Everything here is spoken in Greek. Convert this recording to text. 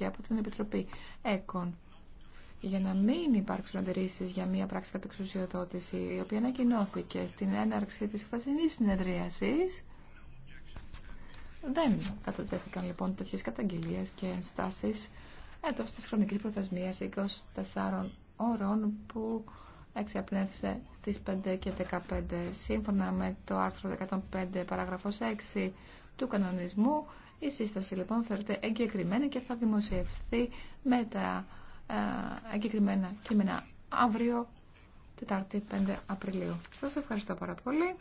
και από την Επιτροπή ΕΚΟΝ για να μην υπάρξουν αντιρρήσει για μια πράξη εξουσιοδότηση η οποία ανακοινώθηκε στην έναρξη τη χθεσινή συνεδρίαση. δεν κατατέθηκαν λοιπόν τέτοιε καταγγελίε και ενστάσει εντό τη χρονική προθεσμία 24 ώρων που εξαπνεύσε στις 5 και 15. Σύμφωνα με το άρθρο 15 παραγραφός 6 του κανονισμού, η σύσταση λοιπόν θεωρείται εγκεκριμένη και θα δημοσιευθεί με τα ε, εγκεκριμένα κείμενα αύριο, Τετάρτη 5 Απριλίου. Σας ευχαριστώ πάρα πολύ.